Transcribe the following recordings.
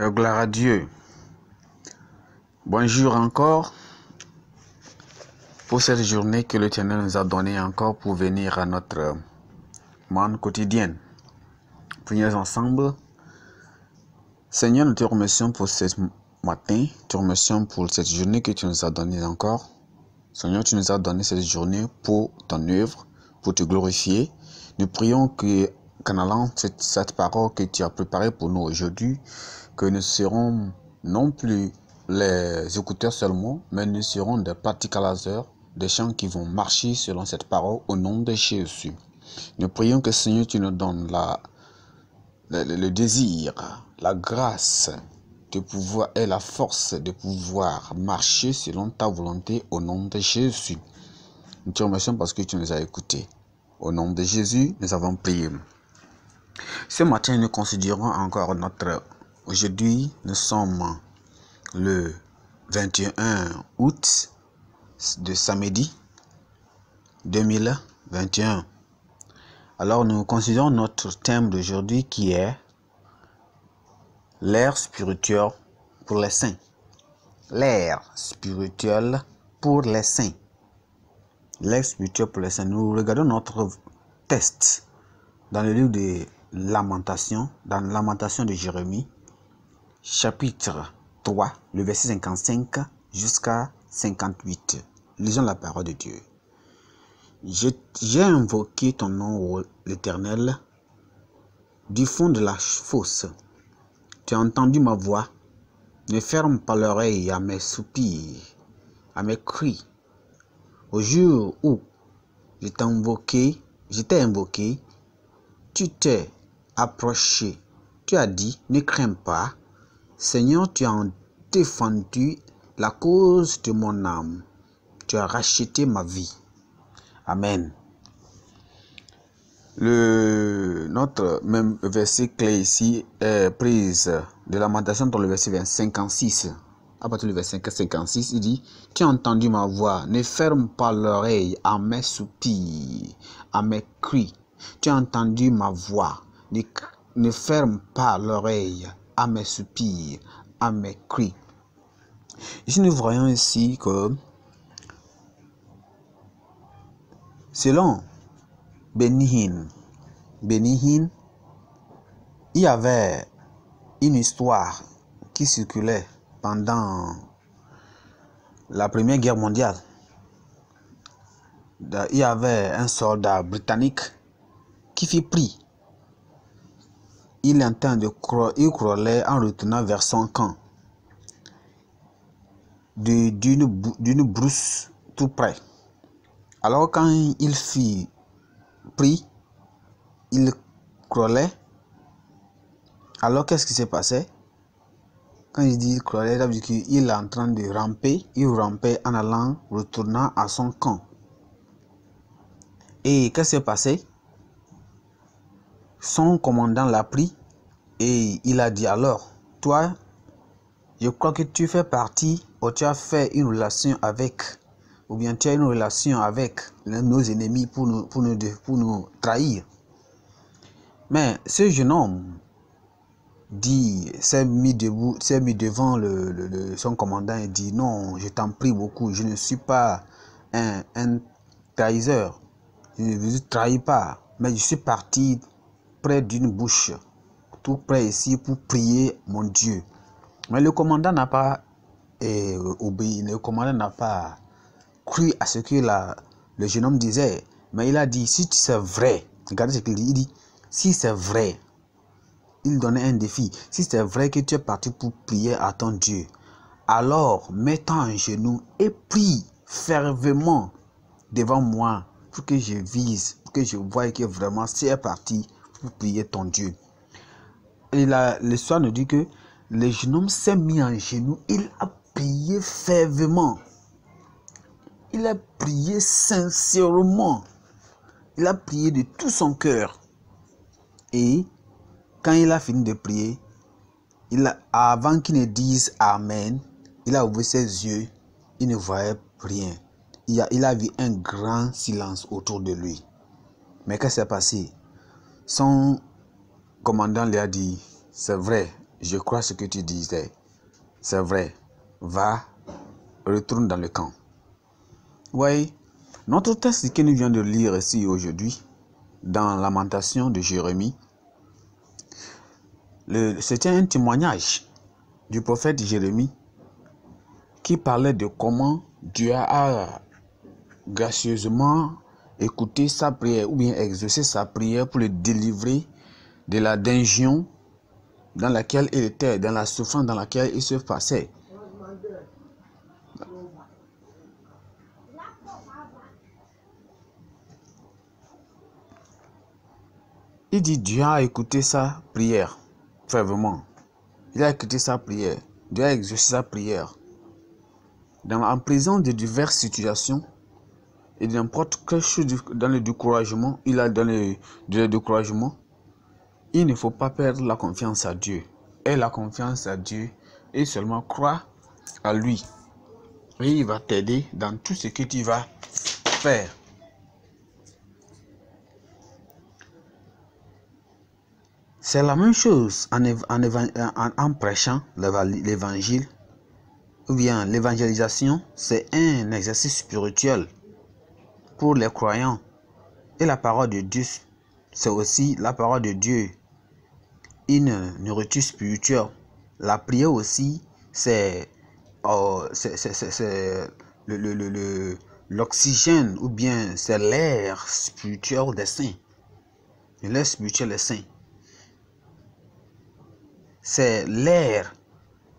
Euh, gloire à Dieu. Bonjour encore pour cette journée que l'Éternel nous a donnée encore pour venir à notre euh, monde quotidienne. Prions ensemble. Seigneur, nous te remercions pour ce matin. Te remercions pour cette journée que tu nous as donnée encore. Seigneur, tu nous as donné cette journée pour ton œuvre, pour te glorifier. Nous prions que c'est cette, cette parole que tu as préparée pour nous aujourd'hui, que nous serons non plus les écouteurs seulement, mais nous serons des praticalateurs, des gens qui vont marcher selon cette parole au nom de Jésus. Nous prions que Seigneur, tu nous donnes la, le, désir, la grâce de pouvoir et la force de pouvoir marcher selon ta volonté au nom de Jésus. Nous te remercions parce que tu nous as écoutés. Au nom de Jésus, nous avons prié. Ce matin, nous considérons encore notre... Aujourd'hui, nous sommes le 21 août de samedi 2021. Alors, nous considérons notre thème d'aujourd'hui qui est l'air spirituel pour les saints. L'air spirituel pour les saints. L'air spirituel pour les saints. Nous regardons notre test dans le livre de Lamentation, dans Lamentation de Jérémie, chapitre 3, le verset 55 jusqu'à 58. Lisons la parole de Dieu. J'ai invoqué ton nom, l'Éternel, du fond de la fosse. Tu as entendu ma voix. Ne ferme pas l'oreille à mes soupirs, à mes cris. Au jour où je t'ai invoqué, je t'ai invoqué, tu t'es approché. Tu as dit, ne crains pas. Seigneur, tu as défendu la cause de mon âme. Tu as racheté ma vie. Amen. Le, notre même verset clé ici est prise de Lamentation dans le verset 56. À partir du verset 56, il dit Tu as entendu ma voix, ne ferme pas l'oreille à mes soupirs, à mes cris. Tu as entendu ma voix, ne ferme pas l'oreille à mes soupirs, à mes cris. Ici, nous voyons ici que selon Benihin, Benihin, il y avait une histoire qui circulait pendant la Première Guerre mondiale. Il y avait un soldat britannique qui fit pris il est en train de croire il en retournant vers son camp, d'une brousse tout près. Alors quand il fut pris, il crawlait. Alors qu'est-ce qui s'est passé Quand il dit crawlait, Il est en train de ramper. Il rampait en allant, retournant à son camp. Et qu'est-ce qui s'est passé son commandant l'a pris et il a dit alors, toi, je crois que tu fais partie ou tu as fait une relation avec, ou bien tu as une relation avec nos ennemis pour nous, pour nous, pour nous trahir. Mais ce jeune homme dit, s'est mis, debout, mis devant le, son commandant et dit, non, je t'en prie beaucoup, je ne suis pas un, un trahisseur, je ne vous trahis pas, mais je suis parti près d'une bouche, tout près ici pour prier mon Dieu. Mais le commandant n'a pas eh, obéi, le commandant n'a pas cru à ce que le jeune homme disait. Mais il a dit, si c'est vrai, regardez ce qu'il dit, il dit, si c'est vrai, il donnait un défi, si c'est vrai que tu es parti pour prier à ton Dieu, alors mets-toi en et prie fervement devant moi pour que je vise, pour que je voie que vraiment c'est parti pour prier ton Dieu. Et la, l'histoire nous dit que le jeune homme s'est mis en genoux, il a prié fervement. Il a prié sincèrement. Il a prié de tout son cœur. Et quand il a fini de prier, il a, avant qu'il ne dise Amen, il a ouvert ses yeux, il ne voyait rien. Il a, il a vu un grand silence autour de lui. Mais qu'est-ce qui s'est passé son commandant lui a dit, c'est vrai, je crois ce que tu disais. C'est vrai, va, retourne dans le camp. Oui, notre texte que nous vient de lire ici aujourd'hui, dans Lamentation de Jérémie, c'était un témoignage du prophète Jérémie qui parlait de comment Dieu a gracieusement écouter sa prière ou bien exaucer sa prière pour le délivrer de la dungeon dans laquelle il était, dans la souffrance dans laquelle il se passait. Il dit Dieu a écouté sa prière fervement. Il a écouté sa prière. Dieu a exaucé sa prière. Dans, en prison de diverses situations, et n'importe quelle chose dans le découragement, il a donné le, découragement, il ne faut pas perdre la confiance à Dieu. Et la confiance à Dieu et seulement croire à lui. Et il va t'aider dans tout ce que tu vas faire. C'est la même chose en, en, en prêchant l'évangile ou bien l'évangélisation, c'est un exercice spirituel les croyants. Et la parole de Dieu, c'est aussi la parole de Dieu, une nourriture spirituelle. La prière aussi, c'est oh, l'oxygène ou bien c'est l'air spirituel des saints. L'air spirituel des saints. C'est l'air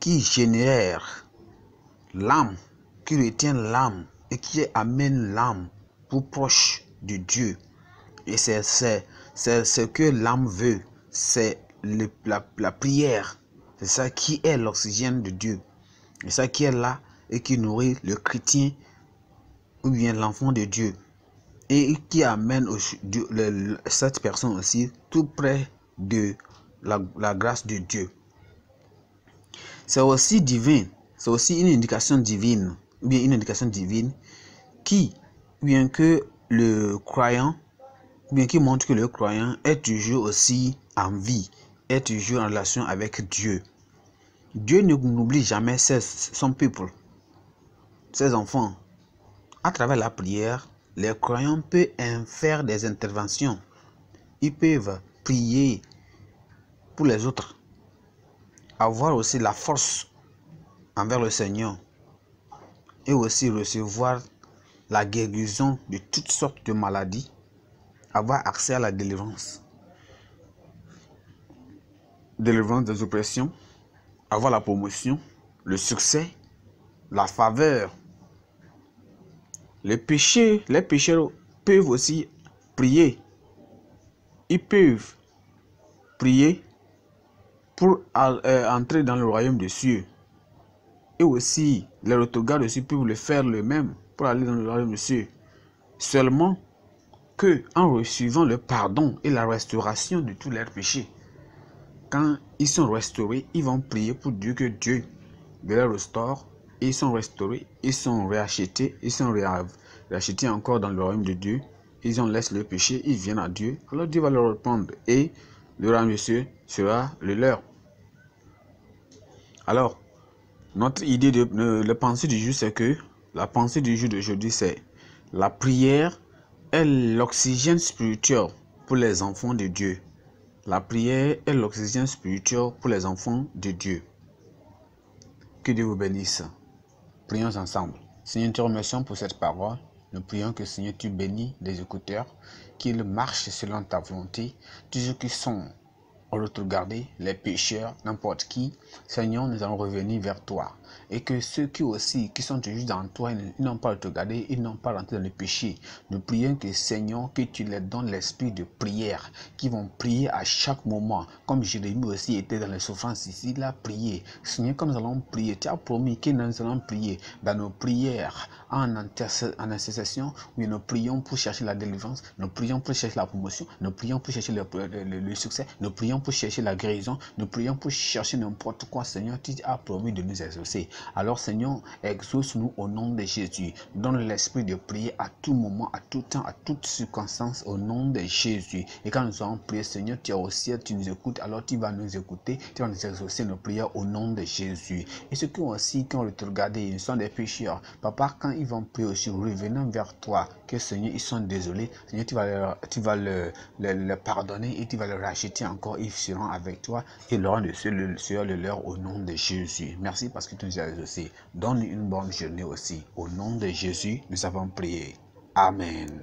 qui génère l'âme, qui retient l'âme et qui amène l'âme proche de Dieu. Et c'est ce que l'âme veut, c'est la, la prière. C'est ça qui est l'oxygène de Dieu. et ça qui est là et qui nourrit le chrétien ou bien l'enfant de Dieu. Et qui amène cette personne aussi tout près de la, la grâce de Dieu. C'est aussi divin. C'est aussi une indication divine. Ou bien une indication divine qui bien que le croyant, bien qu'il montre que le croyant est toujours aussi en vie, est toujours en relation avec Dieu. Dieu n'oublie jamais ses, son peuple, ses enfants. À travers la prière, les croyants peuvent faire des interventions. Ils peuvent prier pour les autres. Avoir aussi la force envers le Seigneur. Et aussi recevoir la guérison de toutes sortes de maladies, avoir accès à la délivrance, délivrance des oppressions, avoir la promotion, le succès, la faveur. Les les pécheurs peuvent aussi prier. Ils peuvent prier pour euh, euh, entrer dans le royaume des cieux. Et aussi, les autogardes aussi peuvent le faire le même pour aller dans le royaume de Seulement que en recevant le pardon et la restauration de tous leurs péchés, quand ils sont restaurés, ils vont prier pour Dieu que Dieu les restaure. ils sont restaurés, ils sont réachetés, ils sont réachetés encore dans le royaume de Dieu. Ils ont laissé le péché, ils viennent à Dieu. Alors Dieu va leur répondre et le royaume de sera le leur. Alors, notre idée de, la pensée du juste, c'est que la pensée du jour d'aujourd'hui, c'est la prière est l'oxygène spirituel pour les enfants de Dieu. La prière est l'oxygène spirituel pour les enfants de Dieu. Que Dieu vous bénisse. Prions ensemble. Seigneur, nous te remercions pour cette parole. Nous prions que Seigneur, tu bénis les écouteurs, qu'ils marchent selon ta volonté, tous ceux qui sont en gardés les pécheurs, n'importe qui. Seigneur, nous allons revenir vers toi et que ceux qui aussi, qui sont juste dans toi, ils n'ont pas à te garder, ils n'ont pas rentré dans le péché. Nous prions que Seigneur, que tu leur donnes l'esprit de prière, qui vont prier à chaque moment, comme Jérémie aussi était dans les souffrances ici, il a prié. Seigneur, que nous allons prier, tu as promis que nous allons prier dans nos prières, en, intercession, où nous prions pour chercher la délivrance, nous prions pour chercher la promotion, nous prions pour chercher le, le succès, nous prions pour chercher la guérison, nous prions pour chercher n'importe quoi, Seigneur, tu as promis de nous exaucer. Alors Seigneur, exauce-nous au nom de Jésus. Donne l'esprit de prier à tout moment, à tout temps, à toute circonstance au nom de Jésus. Et quand nous allons prier, Seigneur, tu es au ciel, tu nous écoutes, alors tu vas nous écouter, tu vas nous exaucer nos prières au nom de Jésus. Et ceux qui ont aussi, qui ont regardé, ils sont des pécheurs. Papa, quand ils vont prier aussi, revenant vers toi, que Seigneur, ils sont désolés. Seigneur, tu vas, leur, le, pardonner et tu vas le racheter encore. Ils seront avec toi et leur de le, le leur au nom de Jésus. Merci parce que tu aussi. Donne une bonne journée aussi. Au nom de Jésus, nous avons prié. Amen.